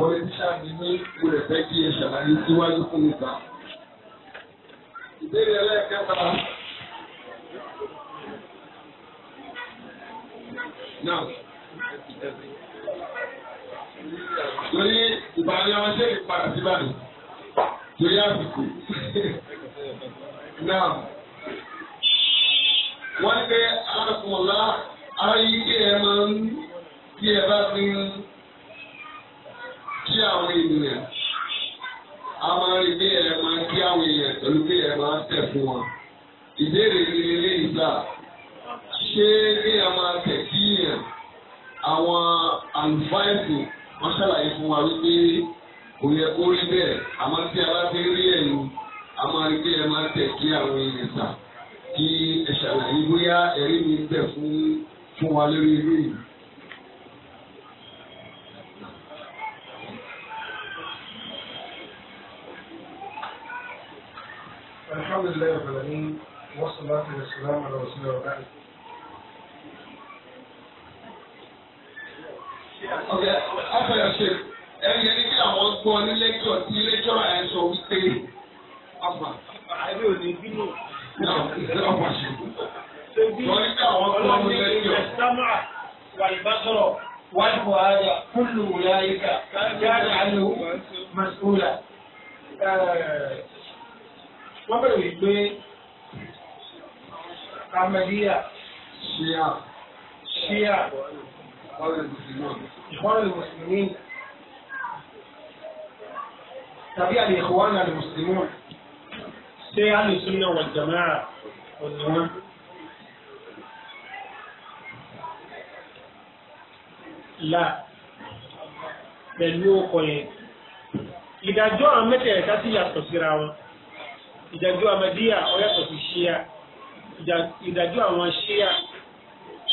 politician ni mí mo lè fẹ́ kí ẹ ṣàlàyé síwájú fún mi ta. ìbéèrè ẹlẹ́ẹ̀kẹta. torí ìbàlẹ̀ wọn ṣe ìpadà sí torí àsìkò wọ́n ní pé alákùnrin ọ̀la ayé kí máa ń kí ẹ bá ti ń sí àwọn ènìyàn a máa rí pé ẹ máa kí àwọn èèyàn pẹ̀lú pé ẹ máa tẹ̀ fún wọn. ìbéèrè mi lè gbà ṣé kí ẹ máa tẹ̀ kí èèyàn àwọn àlùfáà wọ́n ṣàlàyé fún wa wípé kò yẹ kó rí bẹ́ẹ̀ àmọ́ tí a bá fi rí ẹ̀yìn a máa rí pé ẹ máa tẹ̀ kí àwọn èèyàn sà kí ẹ ṣàlàyé bóyá ẹ̀rí mi bẹ̀ fún fún wa lórí ilé yìí. الحمد لله رب العالمين والصلاة والسلام على رسول الله وبعد Afẹ́yà ṣe ẹni ẹni kí àwọn gbọ́ ní lẹ́jọ́ tí lẹ́jọ́ ẹ̀ sọ wípé ọgbà. Àbí òní bínú. Ọgbà ṣe. Wọ́n ní kí àwọn gbọ́ ní lẹ́jọ́. Wàlbásọ̀rọ̀ wàlbọ̀ ayà kúlù láyíká. Káàkiri àlù màsúlà wọ́n bẹ̀rẹ̀ wípé amẹ́ríà ṣíà ṣíà ìwọ́n mùsùlùmí tàbí àlè ìwọ́n àlè mùsùlùmí ṣé àlè sunna wal jamaa òníwọ́n. la pẹ̀lú ọkọ̀ yẹn ìdájọ́ àwọn mẹ́tẹ̀ẹ̀ta sì yàtọ̀ síra wọn ìdájọ́ amadíyà ọ̀yàtọ̀ sí ṣíà ìdájọ́ àwọn ṣíà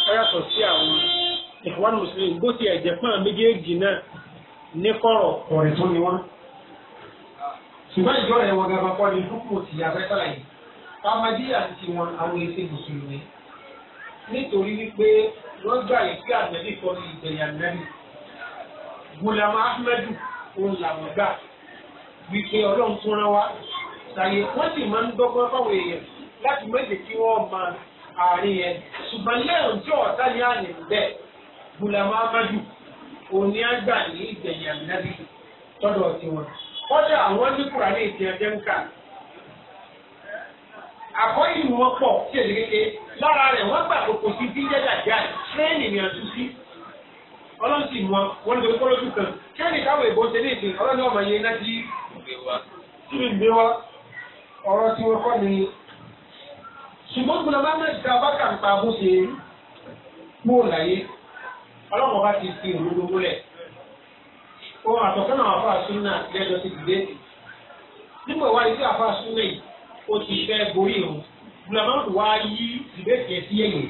ọ̀yàtọ̀ sí àwọn ìfọwọ́n mùsùlùmí bó ti ẹ̀jẹ̀ fún àwọn méjèèjì náà ní kọ̀rọ̀ ọ̀rẹ́ tó ni wọ́n. ṣùgbọ́n ìjọ rẹ̀ wọn gàba kọ́ ni fúnpọ̀ ti afẹ́fẹ́ yìí amadíyà ti wọn àwọn èsè mùsùlùmí nítorí wípé wọ́n gbà yìí pé àtẹ̀lé kọ́ ní ìgbẹ̀yà nẹ́bì Ghulam Ahmadu òun làwọn gbà wípé ọlọ́run tún rán wa láyé wọ́n sì máa ń dọ́gbọ́n fáwọn èèyàn láti méje kí wọ́n àárín yẹn ṣùgbọ́n lẹ́yìn tí ọ̀tá ní àná òní àgbà ní ìgbẹ̀yìn tọ́dọ̀ kọ́dà àwọn ní kùránì ń kà àkọ́yìn ni wọ́n pọ̀ sí èdè lára rẹ̀ wọ́n gbà kókò sí bí jẹ́jà jáì ni sí ọlọ́sìn wọn wọ́n ní torí kọ́lọ́sù kan tírẹ́ẹ̀nì káwọn èbó ṣe ní ìsìn ọmọ yẹn náà ọ̀rọ̀ tí wọ́n kọ́ ni ṣùgbọ́n gbọ́dọ̀ bá mẹ́ta bá kà ń pa bó ṣe kú òláyé ọlọ́pàá bá ti fi òru gbogbo lẹ̀ ohun àtọ̀kọ́nà àfa súnà lẹ́jọ́ ti dìde nígbà wáyé sí àfa súnà yìí ó ti fẹ́ borí òun gbọ́dọ̀ wá yí ìbéèkì ẹ̀ sí yẹ̀yẹ̀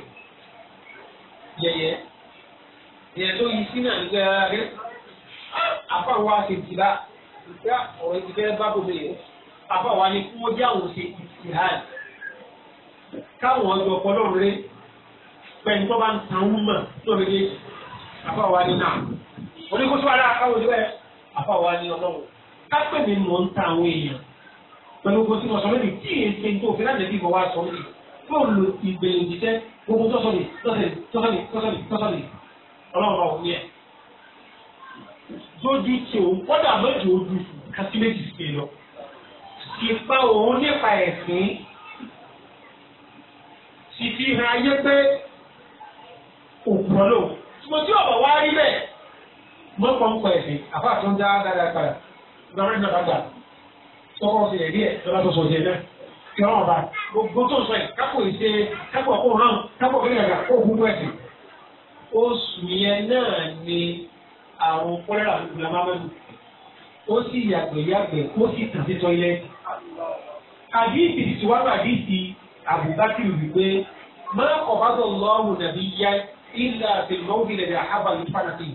yẹ̀yẹ̀ ìyẹn tó yí sí náà nígbà rẹ̀ àfa wa ti dìbà ìgbà ọ̀rọ̀ ìdílé bá bòbí yẹn àbá wa ni fún ọjà àwọn ṣe ìṣìhàn káwọn ọjọ́ ọpọlọ́run rẹ pẹ̀lú tó bá ń tan ń mọ̀ lórí ní àbá wa ni náà oníkóso ara káwọn ojú ẹ àbá wa ni ọlọ́run kápẹ́ mi mọ̀ ń ta àwọn èèyàn pẹ̀lú gbogbo tí mo sọ lónìí tí èyí ṣe ń tó fìlà nẹ́bí mo wá sọ lónìí tó lo ìgbèrè òjíṣẹ́ gbogbo tọ́sọ̀lì tọ́sọ̀lì tọ́sọ̀lì tọ́sọ̀lì tọ́sọ̀lì ọlọ́run ọ̀hún yẹn lójú tí òun kọ́dà méjì ojú kásíméjì sí i lọ ìpa òun nípa ẹ̀sìn sì fi hàn ayé pé òpùrọ̀ lò ṣùgbọ́n tí ọ̀bọ̀ wá rí bẹ́ẹ̀ mọ́ pọ́npọ́ ẹ̀sìn àfa tó ń dáadáa padà lọ́rọ́ ní ọ̀dà gbà tọ́kọ́ sí ẹ̀rí ẹ̀ lọ́dọ̀ tó sọ sí náà kí ọ̀rọ̀ bá gbogbo tó ń sọ yìí kápò ìṣe kápò ọ̀pọ̀ náà kápò ọ̀pọ̀ ìgbà kó òkú ẹ̀sìn oṣù yẹn náà ni àrùn kọ́lẹ́rà ló máa mẹ́nu ó sì yàgbẹ̀ ó sì tàn sí tọ́ilẹ́tì àdìsí tìwárò àdìsí àbùbákìrì wípé máa kọ̀bádọ̀ lọ́wọ́ nàbí yá ilà àtẹnumọ́wò ilẹ̀ dà ábà ní fanàtì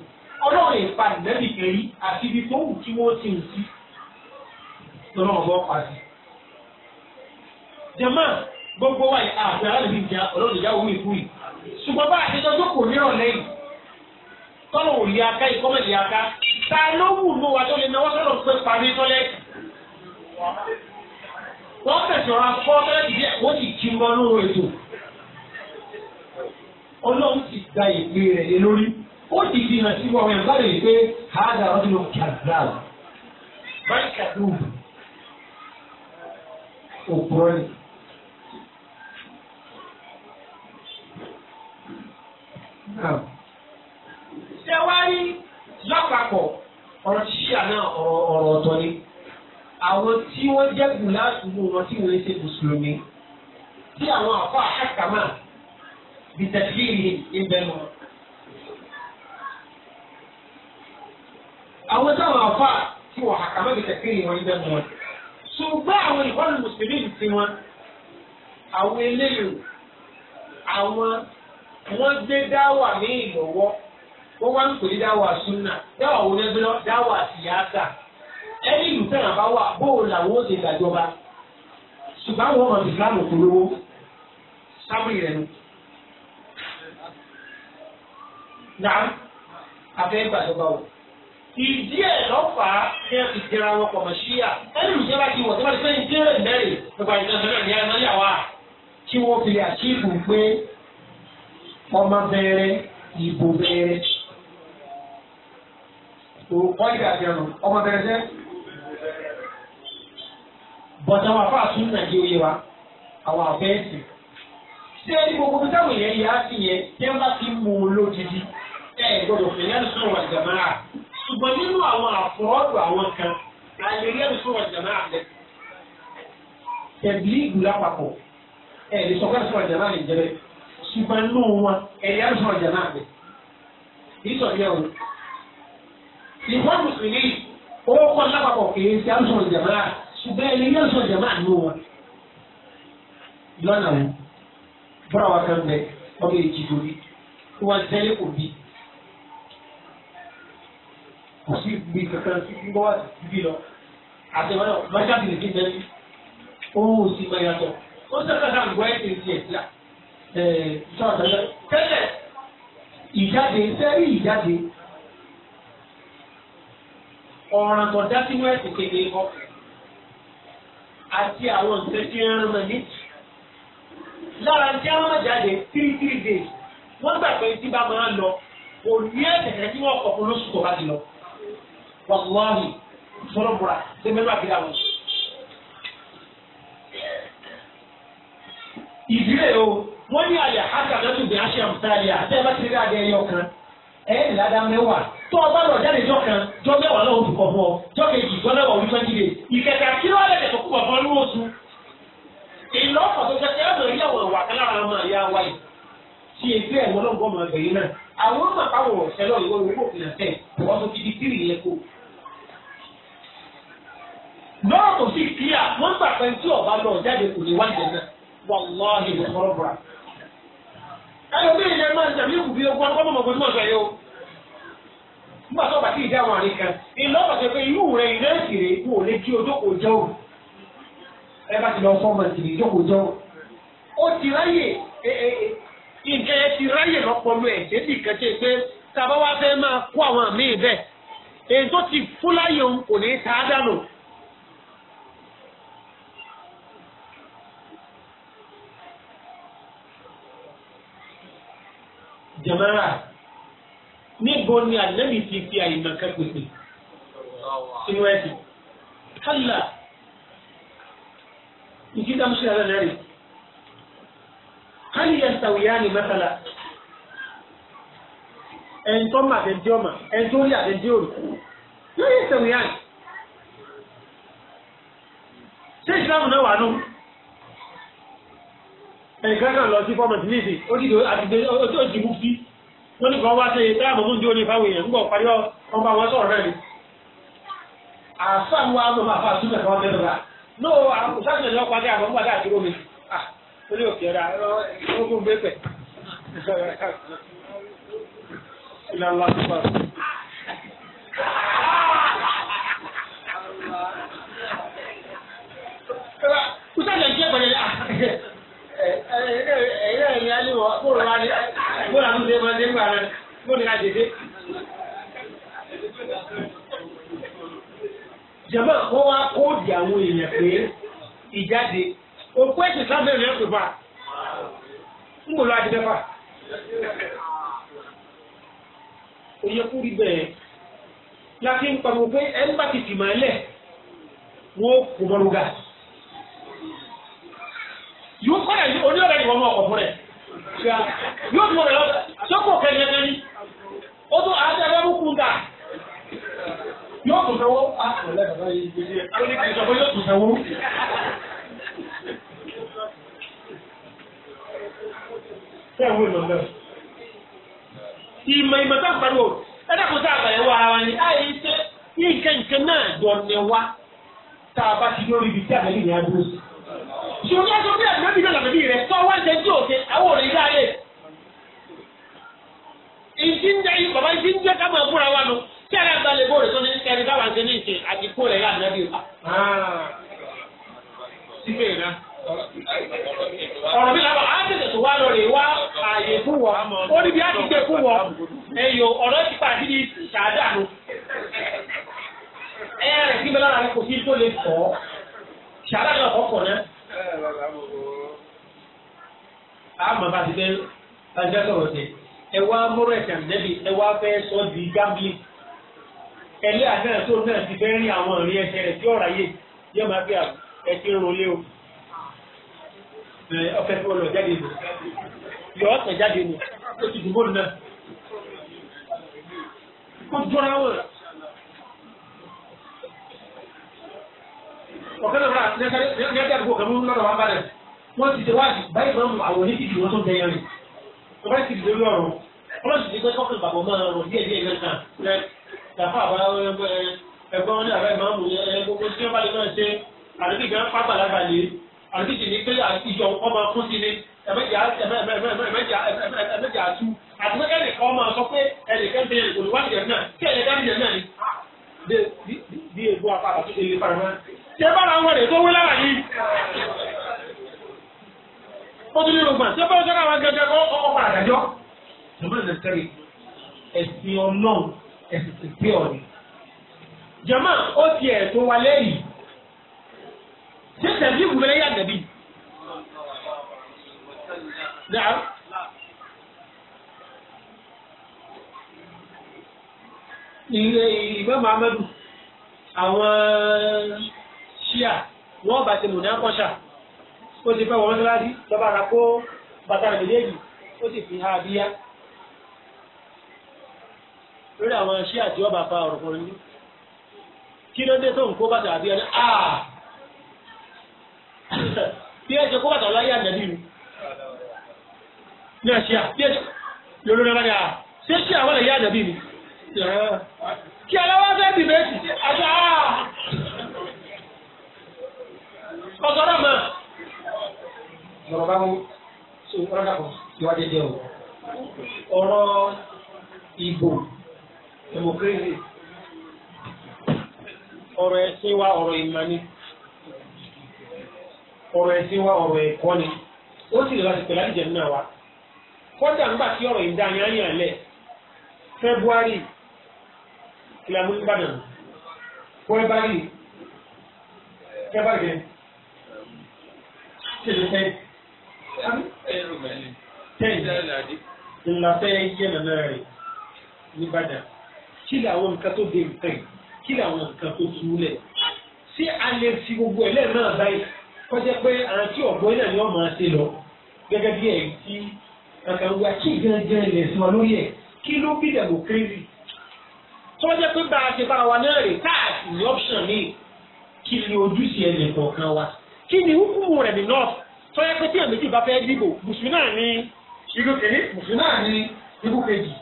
ọlọ́run ìpa nẹ́bì kẹrí àti ibi tó wù kí wọ́n ti ń sí lọ́nà ọ̀gbọ́n pàṣẹ. jẹ̀mọ́ gbogbo wa àti aláàbí ìjà ọlọ́run ìjà òun ìkú yìí ṣùgbọ́n bá àtijọ́ tó kò nírọ̀ lẹ́yìn tọ́lọ̀ òlì aká ìkọ́mẹ̀lì aká ta ló wù ló wa tó lè náwó sọ́dọ̀ pé parí tọ́lẹ́kì wọ́n fẹ̀sọ̀ ra fọ́tẹ́ẹ̀tì díẹ̀ wọ́n sì jí wọn lóru ètò ọlọ́run sì gba ìpè rẹ̀ lé lórí ó sì fi hàn sí wọn ẹ̀ka lè pé hàdà ọdún ló kàdá báyìí kàdó àwọn tí wọ́n jẹ́ gùláàsì mú wọn tí wọ́n ṣe mùsùlùmí tí àwọn àfọ àkàkàmà bìtẹ̀fìrì ibẹ̀ mọ́. àwọn táwọn àfọ tí wọ́n àkàmà bìtẹ̀fìrì wọn ibẹ̀ mọ́. ṣùgbọ́n àwọn ìkọlù mùsùlùmí ti wọn àwọn eléyìí àwọn wọ́n gbé dáwà ní ìlọ́wọ́ wọ́n wá ń pè dawa dáwà súnà dáwà dáwà tẹ̀yàn bá wà bóun làwọn ó ti gbàjọba ṣùgbọ́n àwọn ọmọ ìsìlámù kò lówó sábì rẹ̀ nu. Nàá abẹ́ gbàjọba o Ìdí ẹ̀ lọ́fàá ní ẹ̀ fi jẹra wọn pọ̀ mọ́ síyà. Ẹni ìjọba ti wọ̀ tí wọ́n ti fẹ́ ń jẹ́rẹ̀ mẹ́rin nípa ìjọba ní ẹ̀rọ yà wá. Kí wọ́n fi àṣìkò pé ọmọ bẹ̀rẹ̀ ìbò bẹ̀rẹ̀. Òkọ́ ìgbà jẹun ọmọ bẹ̀rẹ̀ jẹ́. bọ̀dá wa fà sún nàìjí wa àwọn àfẹ́sì. ṣé ẹni gbogbo bí táwọn èèyàn yà á sì yẹ tí wọ́n bá ti mú un lójijì ẹ gbọ́dọ̀ fún yẹn sún wọn jàmáà ṣùgbọ́n nínú àwọn àfọwọ́dù àwọn kan na yẹn sún wọn jàmáà lẹ. tẹ̀bílì ìlú lápapọ̀ ẹ lè sọ fẹ́ẹ́ sún jàmáà lè jẹ bẹ́ẹ̀ nínú wọn ṣùgbọ́n ẹni yóò sọ jẹ̀mọ́ àánú wọn lọ́nà wọn bọ́ra wa kan bẹ ọmọ èjì lórí tí wọ́n tẹ́lẹ̀ kò bí kò sí ibi kankan sí ibi wá síbi lọ àti wọn náà májàbí lè fi bẹ́ẹ̀ ohun òsì máa yàtọ̀ ó sọ̀rọ̀ náà gbọ́ ẹ̀ ìjáde sẹ́rí ìjáde ọ̀ràn tó sínú ẹ̀sìn kékeré kọ́ àti àwọn nǹkan tí ń rán ní. lára tí a máa jáde three three days wọ́n gbà pé tí bá máa lọ kò ní ẹ̀sẹ̀ tí wọ́n kọ̀ fún lóṣù tó bá ti lọ. wàláhì sọ̀rọ̀ bùrà ṣé mẹ́rin àbílà wọn. ìdílé o wọ́n ní àlẹ́ àgàdọ́tù bí a ṣe àmúta àlẹ́ àti ẹ̀ bá ti rí adé ẹyọ kan ẹ̀ẹ́dì ládàá mẹ́wàá tó ọgbà lọ jáde jọ kan jọ mẹ́wàá náà ó fi jọ kejì jọ mẹ́wàá wí twenty days ìkẹta kí ló lẹ̀ tẹ̀sán kúbọ̀ fún ọdún oṣù ìlọ́kọ̀ tó ṣẹṣẹ ẹ̀rọ ìyàwó ẹ̀wà kálára ọmọ ìyá wa yìí tí ètò ẹ̀ wọ́n lọ́gbọ́n máa bẹ̀yìn náà àwọn ọmọ ìwọ ọdún kiri ọba lọ jáde kò nígbà tó bàtí ìdí àwọn àríkà iná pàṣẹ pé irú rẹ iná ìsìrè wò lè kí ojókòó jẹ́ òun ẹ bá ti lọ fọ́ òun ó ti ráyè nǹkan ẹ ti ráyè lọ́pọ̀lọ́ ẹ̀ débì kan ṣe pé tàbá wá fẹ́ máa kó àwọn àmì èyí tó níbo ni àlẹ́mì ti fi àyìnbàkà pèpè sínú ẹ̀sì kálà ìkíta mú sí ara rẹ̀ rẹ̀ kálí ẹ̀sà òyà ni mẹ́tàlá ẹ̀ńtọ́ mà àtẹ̀dí ọmọ ẹ̀ńtọ́ orí àtẹ̀dí òrù lórí ẹ̀sà òyà ni ṣé ìsìlámù náà wà nù ẹ̀ńkẹ́ kan lọ sí fọ́mọ̀tì níìsì ó ti dìbò ó ti dìbò sí. wọ́n ní kan wá ṣe táàbù tó ń dúró ní fáwọn èèyàn gbọ́ parí ọba wọn sọ̀rọ̀ rẹ̀ ni. àfáà wa máa fa súnmọ̀ kan tẹ́lẹ̀ rà ló sáàtì lọ́ọ́ parí àwọn mi ó òkè bẹ́ẹ̀ ni aliwọ bóòlù wa ni bóòlù àwọn ọmọdé máa ń dé nígbà rẹ bóòlù ni a dèdè. jẹ̀mọ́ wọ́n wá kóòdì àwọn èèyàn pé ìjáde òkú ẹ̀sìn sábẹ́ rẹ̀ pè bá ń wò lọ adìdẹ́fà. oyè kúri bẹ́ẹ̀ láti ń pamọ́ pé ẹ̀ ń bá ti tì máa lẹ̀ wọ́n kò mọ́lúgà. yóò kọ́ ẹ̀ oníyọ̀rẹ́ ìwọ́n mọ́ ọkọ̀ fún rẹ̀. yóò tún rẹ̀ sọ́kò kẹ́kẹ́ ní ó tún àájá rẹ̀ mú kúta yóò tún fẹ́ wó àtọ̀lẹ́ ah, bàbá yìí gbèdé àwọn ìgbésẹ̀ sọ pé yóò tún fẹ́ wó. lọ lọ. ìmọ̀ ìmọ̀ pariwo bàyẹ̀ wọ ara wa ṣùgbọ́n aṣọ bí àgbẹ̀ bíbẹ̀ làbẹ̀bí rẹ̀ sọ wá ṣe tí òṣè àwọn òrè ayé. ìdí ń jẹ́ bàbá ìdí ń jẹ́ ká máa wa ara gba lè bóore tó ní ṣe ní rẹ̀ wa. síbẹ̀ ọ̀rọ̀ mi làwọn á tètè tó wá wá ààyè fún wọn ó níbi á ti gbé fún wọn ọ̀rọ̀ ti àmọ́ bá ti fẹ́ ajá sọ̀rọ̀ sí ẹ wá mọ́rọ̀ ẹ̀sìn àmìlẹ́bí ẹ wá fẹ́ sọ di gambling ẹlẹ́ àdáyà tó náà ti fẹ́ rí àwọn ìrìn ẹsẹ̀ rẹ̀ tí ọ̀rọ̀ ayé yóò máa fi ẹtí ń rolé o ọ̀fẹ́ fún ọlọ́ jáde nù yọ ọ̀tẹ̀ jáde nù ó ti dùn bọ́ọ̀lù náà kó dúró àwọn ọ̀kẹ́lẹ̀ rà lẹ́kẹ́ àdúgbò kan mú lọ́dọ̀ wá balẹ̀ wọ́n ti ṣe wáàdì báyìí máa ń àwọn oníkìkì wọn tó ń dẹyẹrin ọba ti di lórí ọ̀rọ̀ ọba ti di pé kọ́kàn bàbọ̀ máa rọ̀ díẹ̀ díẹ̀ náà kan rẹ̀ dàpọ̀ àbá ẹgbọ́n ní àbá ìmọ̀ àmú gbogbo tí wọ́n bá lè máa ṣe àdébí gan pàgbàlagbà lé àdébí ti ní pé ẹ̀mẹ́jì àtú àti pé ẹnìkan sọ pé ẹnìkan bẹ̀rẹ̀ olùwádìí ẹ̀ náà kí ẹnìkan bẹ̀rẹ̀ náà ni bí egbò apá àti ilé paramá ṣe bára wọn rè tó wí lára yìí ó tún nínú gbà ṣé báwọn sọ́kà wọn gẹ́gẹ́ kọ́ ọkọ̀ padà dájọ́ jọmọ́lẹ̀ sẹ́yìn ẹ̀sìn ọlọ́run ẹ̀sìn ti pé ọ̀nì jọmọ́ ó ti ẹ̀ wa lẹ́yìn ṣé tẹ̀sí ìwúrẹ́ yà dẹ̀bi ilé ìmọ̀ Muhammadu àwọn bídíà wọ́n bá ti mùnà kọ́ṣà ó ti fẹ́ wọ́n lọ́dí lọ́ba ara kó bàtà rẹ̀ méjèèjì ó sì fi ha bíyá lórí àwọn iṣẹ́ àti ọba fa ọ̀rọ̀ kan ní kí ló dé tó ń kó bàtà àbíyá ní à bí ẹ ṣe kó bàtà láyé àjẹbí mi ní àṣìá bí ẹ ṣe lórí rẹ̀ láyà ṣé ṣé àwọn ẹ̀yà àjẹbí mi kí aláwọ̀ fẹ́ bìbẹ́ẹ̀tì àti àà ọ̀sán náà mọ̀. ọ̀rọ̀ bá wọn so ọ̀rọ̀ dàpọ̀ ìwádìí dẹ̀ o ọ̀rọ̀ ìbò democracy ọ̀rọ̀ ẹ̀sìn wa ọ̀rọ̀ ìmọ̀ ni ọ̀rọ̀ ẹ̀sìn wa ọ̀rọ̀ ẹ̀kọ́ ni ó sì lè láti pẹ̀lú àdìjẹ́ nínú àwa kọ́dà nígbà tí ọ̀rọ̀ ìdá yẹn yàn lẹ̀ February kìlámù Ìbàdàn February February tẹ̀lé tẹ́. tẹ́lẹ̀ ńlafẹ́ yẹ̀nà náà rẹ̀ nìbàdàn kí làwọn nǹkan tó dé nǹkan yìí kí làwọn nǹkan tó túlẹ̀ sí alẹ́ fi gbogbo ẹ̀ lẹ́ẹ̀ náà báyìí kọjá pé àwọn tí ọ̀gbọ́n náà ni wọ́n máa ṣe lọ gẹ́gẹ́ bí ẹ̀ tí àkànwá kí gángan ilẹ̀ sọ lórí ẹ̀ kí ló bí democracy tó jẹ́ pé bá a ṣe bá wa náà rè káàkiri option mi kí ni ojúṣe ẹnì kọ̀ọ̀kan wa kí ni hukumu rẹ̀ ní north tó yẹ pé tí ẹ̀mẹ́jì bá fẹ́ dìbò mùsùlùmí náà ní irú kìíní mùsùlùmí náà ní irú kejì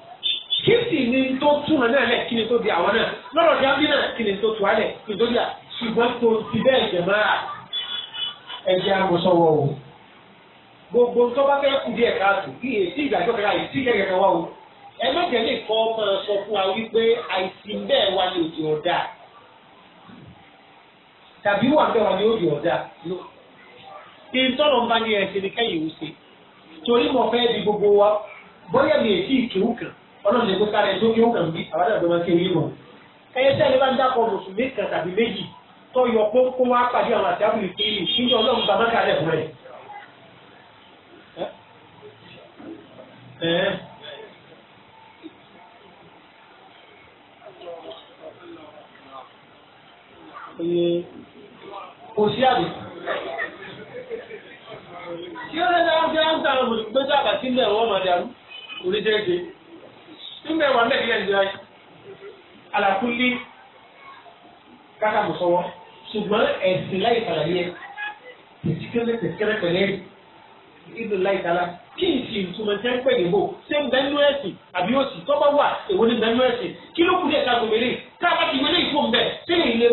kí sì ni tó túmọ̀ náà lẹ̀ kí ni tó di àwọn náà lọ́rọ̀ di ábí náà kí ni tó tù á lẹ̀ kí ni tó di à ṣùgbọ́n tó ti bẹ́ẹ̀ jẹ̀ máa ẹ̀jẹ̀ àmọ̀sọ̀wọ̀ o gbogbo tó bá fẹ́ kú díẹ̀ káàtó kí èsì ìdájọ́ kẹta yìí sí kẹ̀kẹ́ wa o ẹ má jẹ́ lè kọ́ máa sọ fún wa wípé àìsí bẹ́ẹ̀ wá ní òjò ọ̀dà tàbí wà ń bẹ̀rọ ni ó di ọ̀dà lò. kí n tọ́lọ̀ ń bá ní ní kẹ́yìn di gbogbo wa bóyá mi èsì ìkéwù kan ọlọ́run lè tó kéwù kan bí àwọn àgbẹ̀ máa ń kéwì tàbí méjì tó yọ pọ́npọ́n wá àwọn ọlọ́run bá kò sí àbí. kí ló dé náà fẹ́ áńtà lọ gbé dábàá sí ilé ẹ̀wọ̀n máa dàrú kò ní dẹ́gẹ́ nígbà wà mẹ́rin lẹ́yìn ìdíra yìí alàkúndí kákàmù sọwọ́ ṣùgbọ́n ẹ̀sìn láì sàlàyé tẹ̀síkẹ́lẹ́ tẹ̀síkẹ́lẹ́ pẹ̀lẹ́ ìlú láì dára kí n sì túmọ̀ tẹ́ ń pè ní bò ṣé ń bẹ́nu ẹ̀sìn àbí òsì tọ́ bá wà èwo ní bẹ́nu ẹ̀sìn kí ló kù díẹ̀ ká gbòmìnir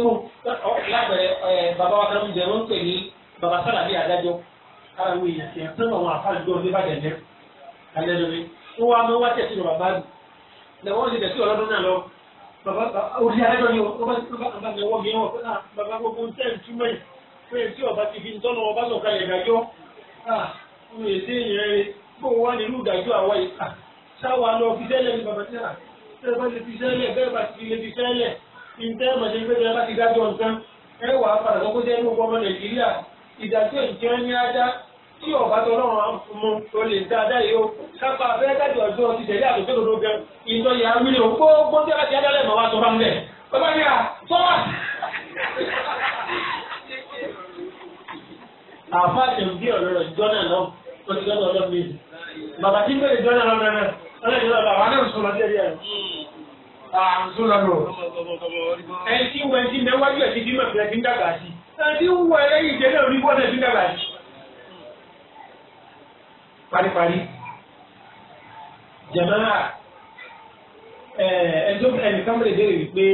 lábẹ́ ẹ bàbá wa kan bẹ wọ́n ń pè ní bàbá sálàbí adájọ́ ara wo èèyàn tiẹ̀ tó àwọn àfáàjọ oníbàdàn jẹ́ adájọ́ mi wọ́n wá mọ́ wá tẹ̀sí lọ bàbá mi lẹ́wọ́n ó sì tẹ̀sí ọlọ́dún náà lọ bàbá orí adájọ́ ni wọ́n bá ti bá mi wọ́n mi wọ́n fún bàbá gbogbo ń tẹ̀ ń túmọ̀ yìí pé tí ọba ti fi ń tọ́nà ọba sọ̀kalẹ̀ ìdájọ́ ọmọ èdè yẹn bó wà nílùú ìdájọ́ àwa yìí sáwà lọ fi sẹ́lẹ̀ ní bàbá tí ìtẹ́ ìmọ̀ṣẹ́ pé ìjọba ti dájọ́ nǹkan ẹ wà á padà lọ́kọ́ jẹ́ inú ọmọ nàìjíríà ìdájọ́ ìjọ ní ajá tí ọ̀bá tọ́lọ́run mu tó lè dá adá yìí ó kápá abẹ́rẹ́ dájọ́ ọjọ́ ti tẹ̀lé àtúntò lọ́dọ́ gan ìjọ yà á mílíọ̀n gbogbo tí a ti adá lẹ́mọ̀ wá sọ bá ń bẹ̀ bàbá yà sọ́wà. àfa àtẹ̀wé ọ̀rọ̀ jọ́nà náà ó ti gbọ́dọ̀ ọlọ́mìn bàbá tí ń bẹ̀rẹ̀ jọ́nà náà náà ọlọ́run àǹsólọ́nù. ẹni tí wọ́n ti mẹ́wájú ẹ̀ ti bímọ ìfẹ́ ti ń dàgbà sí. ẹni tí wọ́n ẹlẹ́yìn ìjẹ́ náà rí bọ́ọ̀dẹ̀ ti ń dàgbà sí. paripari jẹ̀mọ́nà ẹ̀ẹ́dọ́ ẹnìkan lè béèrè wípé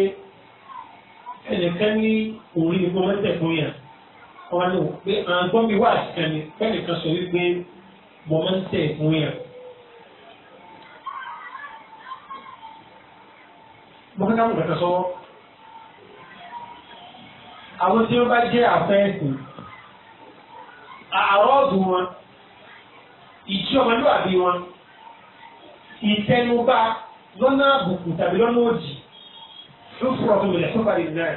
ẹnìkan ní orí ni wọ́n tẹ̀ fún yàn wọ́n ní pé àǹgbọ́n mi wà àtìkàn ni fẹ́nìkan sọ wípé mo máa ń tẹ̀ fún yàn. mo fẹ́ ká mú mẹ́ta sọ́wọ́ àwọn tí wọ́n bá jẹ́ àfẹ́ẹ̀sì àárọ̀dù wọn ìjí ọmọlúwàbí wọn ìtẹnubá lọ́nà àbùkù tàbí lọ́nà òjì ló fúrọ̀ fún ilẹ̀ fún bàrẹ̀ náà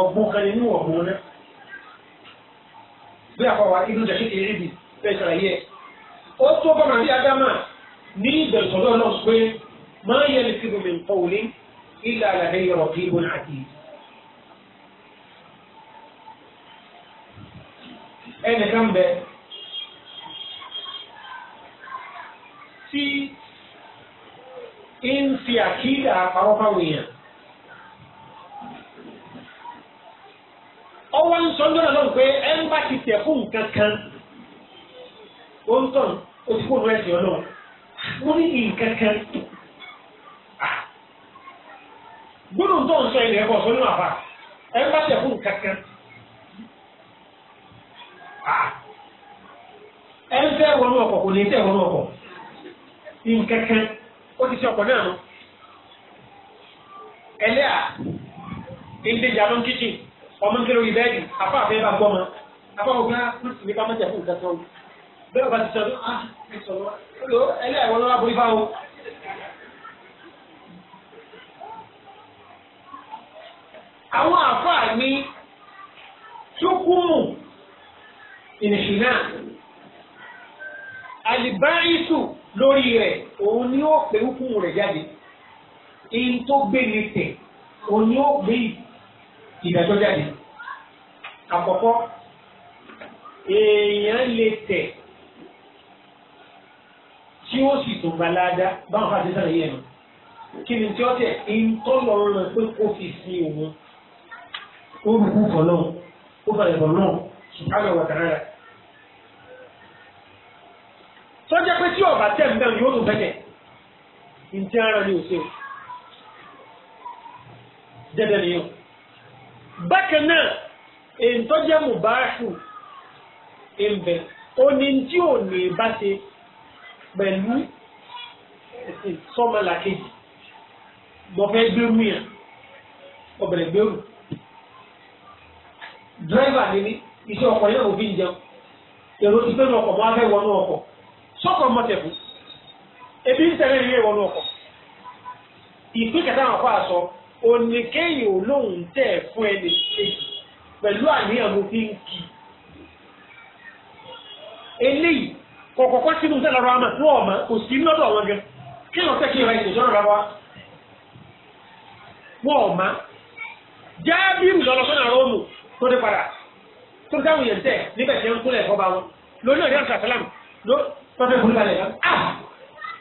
ọ̀gbọ́n kan nínú ọ̀gbọ́n náà bí àpapọ̀ inú jẹ́ kékeré rí bi bẹ́ẹ̀ ṣàlàyé ẹ̀ ó tó bọ́mọ̀ bí adámà ní ìbẹ̀rù sọ́dọ̀ náà pé máa yẹ lè fi gbòmìn kọ́ òní إلا لدي رقيب عتيد ẹnì kan bẹ tí ń fi àkídà àpárọ̀ fáwọn èèyàn ọwọ́ ń sọ lọ́nà náà pé ẹ ń bá ti tẹ̀ fún nǹkan kan ó ń tàn ó ti kó lọ ẹ̀sìn ọlọ́run ní nǹkan kan. gbọ́dọ̀ tó ń sọ ilẹ̀ ẹ̀kọ́ sọ nínú àbá bá tẹ̀ fún kankan. ẹ fẹ́ wọnú ọkọ̀ kò ní tẹ̀ wọnú ọkọ̀ nkankan ó ti ṣe ọkọ̀ náà nù. ẹlẹ́à ìdíjà ló ń kíkì ọmọ nkiri oyin afọ àfẹ́ bá gbọ́ ma afọ àwọn má àwọn àfáà ní ṣókùmù ìnìṣìnà àlìbáyìsù lórí rẹ̀ òun ni ó pè hukumu rẹ̀ jáde èyí tó gbé ní tẹ̀ òun ni ó gbé ìdájọ́ jáde àkọ́kọ́ èèyàn lè tẹ̀ tí ó sì tó gbalada báwọn fàdé sàlàyé ẹ̀ nù kí ni tí ó tẹ̀ ń tọ́ lọ́rùn rẹ̀ pé kó fi sin òun ó rúkú fọlọ́ ó fọlẹ̀ bọ̀ náà ṣùgbọ́n àwọn ọ̀tá rẹ̀. sọ́jà pé tí ọ̀bà tẹ̀ ń bẹ̀rù yóò tún bẹ̀kẹ̀ ǹjẹ́ ara ni ò ṣe o jẹ́dẹ̀ nìyẹn. bákan náà èyí tó jẹ́ mùbáṣù ẹ̀ǹbẹ̀ oní tí ò ní bá ṣe pẹ̀lú sọ́mọlà kejì gbẹ̀rù yẹn ọ̀bẹ̀rẹ̀ gbẹ̀rù dírẹ́fà ni mí iṣẹ́ ọkọ̀ yẹn ò fi ń jẹun èrò ti gbẹ́nu ọkọ̀ mọ́ afẹ́ wọnú ọkọ̀ sọ́kọ̀ mọ́tẹ̀kù ebi ń tẹ̀lé ilé wọnú ọkọ̀ ìpín kẹta àwọn kọ́ àṣọ oníkéyìn olóhùn tẹ̀ fún ẹni kejì pẹ̀lú àníyàn mo fi ń kì í eléyìí kọ̀kọ̀kọ́ sínú sẹ́lẹ̀ ọ̀rọ̀ àmà fún ọ̀mà kò sí lọ́dọ̀ àwọn gan kí lọ tẹ́kì ra ìṣẹ̀ṣọ́ rẹ̀ wá wọ́n ọ̀mà jábìrù lọ́lọ́sọ́nà róòmù tó dé padà tó dáhùn yẹn tẹ̀ níbẹ̀ tí wọ́n kúnlẹ̀ fọ́ba wọn lórí ọ̀rẹ́ àti àsálàmù ló tọ́jú ìfúnni balẹ̀ yẹn ah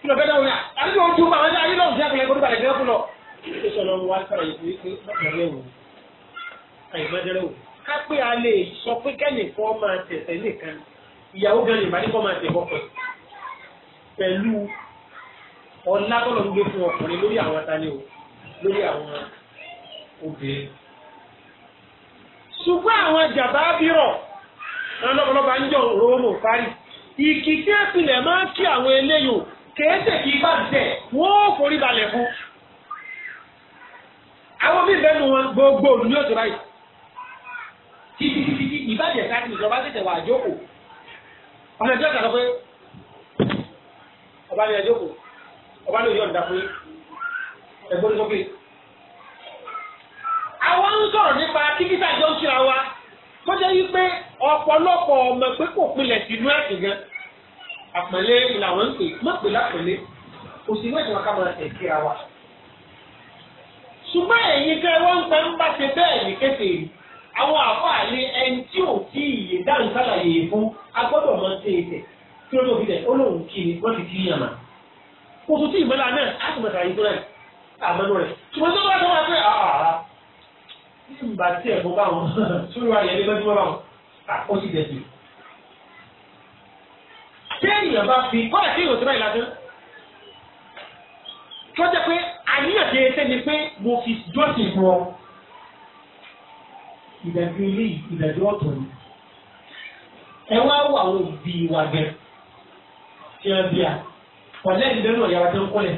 kí ló fẹ́ dáhùn yẹn àdúgbò ojú bá wọn ayé lọ́hùn sí àkùnrin ìfúnni balẹ̀ yẹn fún lọ. ìṣòro wa sọ̀rọ̀ yìí pé mọ̀tẹ́rẹ́ wò àyèmọ́tẹ́rẹ́ wò ká pé a lè sọ pé kẹ́nìkan máa tẹ̀sẹ̀ nìkan ìyàwó gan lè bá ní kọ́ máa tẹ̀ bọ́kọ̀ pẹ̀lú ọ̀la tọ́lọ́ ń gbé fún ọkùnrin lórí àwọn atani o lórí àwọn obìnrin ṣùgbọ́n àwọn jàbá bírọ̀ lọ́lọ́pọ̀lọpọ̀ ń jọ róòmù parí ìkí tí ó tilẹ̀ máa ń kí àwọn eléyìí kéèsè kí bá tẹ̀ wọ́n forí balẹ̀ fún. àwọn míì bẹ́ẹ̀ nu wọn gbogbo òdùn yóò ti báyìí títí títí ìbàjẹ́ káàkiri ìjọba tètè wà àjókòó ọ̀nà ìjọ kàdọ́ pé ọba ni àjókòó ọba ni òye ọ̀dà fún yín ẹ̀gbọ́n sókè. àwa ń sọ̀rọ̀ nípa kíkítà jọ wa tó jẹ́ wípé ọ̀pọ̀lọpọ̀ ọmọ pé kò pilẹ̀ sínú ẹ̀sìn gan àpẹẹlẹ làwọn ń pè mọ́ pè lápẹẹlẹ kò wa. ṣùgbọ́n ẹ̀yin kẹ́ wọ́n ń pẹ́ ń bá ṣe bẹ́ẹ̀ ní kété àwọn àfáà ní ẹni tí ò tí ì yé dáhùn sálàyé fún agbọ́dọ̀ máa ń ṣe ó ó kí ni wọ́n ti tí n bá tiẹ̀ bó bá wọn sórí wa yẹn lé lọ́jọ́ bá wọn ó sì jẹ sí. téèyàn bá fi kọ́lá tí yóò tó báyìí lásán tó jẹ́ pé àníyàn ti ṣe ni pé mo fi jọ́sìn fún ọ ìdájọ́ ilé ìdájọ́ ọ̀tọ̀ ni ẹ wá wà àwọn òbí wa gẹ tí wọ́n bí a ọ̀lẹ́ni lẹ́nu ọ̀yà wa tó ń kọ́lẹ̀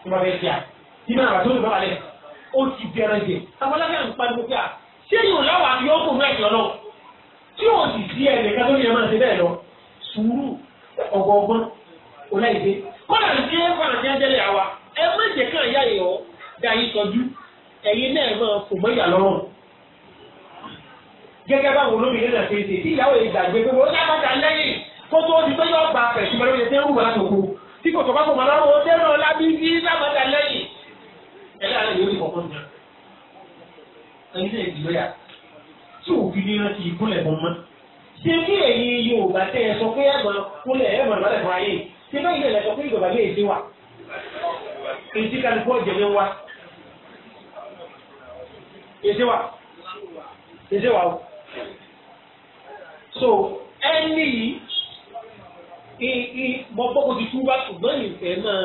tí wọ́n fẹ́ kí a tí wọ́n àbàtúndì bá wà lẹ́yìn ó ti dẹrẹ jẹ abọ́lájà ń pariwo pé à ṣé yóò láwà ni yóò kún ẹ̀yọ́ lọ tí ó sì sí ẹ̀rẹ̀ ká lórí ẹ̀ máa ṣe bẹ́ẹ̀ lọ sùúrù ọ̀gọ̀ọ̀gbọ́n ọláìdé kọ́nà ní ẹ kọ́nà ní ẹjẹ́lẹ̀ àwa ẹ má jẹ́ ká ìyá ìyọ́ dá yín sọjú ẹ̀yin náà máa kò mọ́ ìyá lọ́rùn gẹ́gẹ́ báwo lómi nílẹ̀ ṣe ṣe tí ìyàwó ìgbàgbé pé wọ́n dábàá dá lẹ́yìn kó tó di pé yọ lọ́yà yóò di kọ̀ọ̀kan jẹ ẹni náà di lọ́yà tí òfin ní rántí ìkúnlẹ̀ mọ́ mọ́ ṣé bí ẹ̀yin Yorùbá tẹ ẹ sọ pé ẹ̀gbọ́n kúnlẹ̀ ẹ̀gbọ́n ìbálẹ̀ fún ayé ṣé bẹ́ẹ̀ ilẹ̀ sọ pé ìjọba lè ṣe wà èsì kálukú ọ̀jẹ̀ ní wa èsì wa èsì wa o so ẹni yìí mo gbọ́ kó ti ṣùgbọ́n ìfẹ́ náà.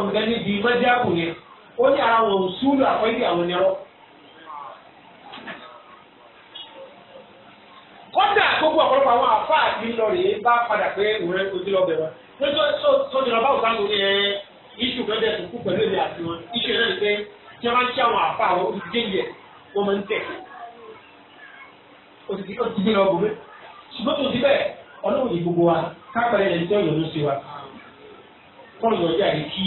àwọn nǹkan níbi mọ́jáàbù yẹn ó onye ara wọn ò súlù àkọ́yé àwọn nírọ́. kódà gbogbo ọ̀pọ̀lọpọ̀ àwọn àfáà ti lọ rèé bá padà pé òun ojú lọ bẹ̀ wá sọ́jọ́ ọba òsán ló ní ẹ iṣu kan dẹ̀ tó kú pẹ̀lú èmi wọn iṣu náà ni pé tí wọ́n ti tó ti kọ́ọ̀nù ọjà rẹ̀ kí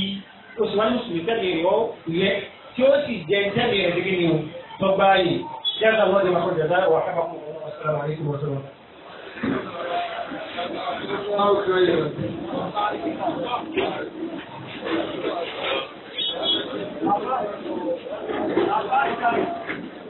o sì wá ní sùnmí tẹ́lẹ̀ ìwọ́ ìyẹ́ tí ó sì jẹ tẹ́lẹ̀ rẹ̀ dígí ni o tọ́gbà yìí jáde àwọn ọ̀dẹ̀ máa kọjá dáa wà kábà kó wọn ọ̀sán Thank you.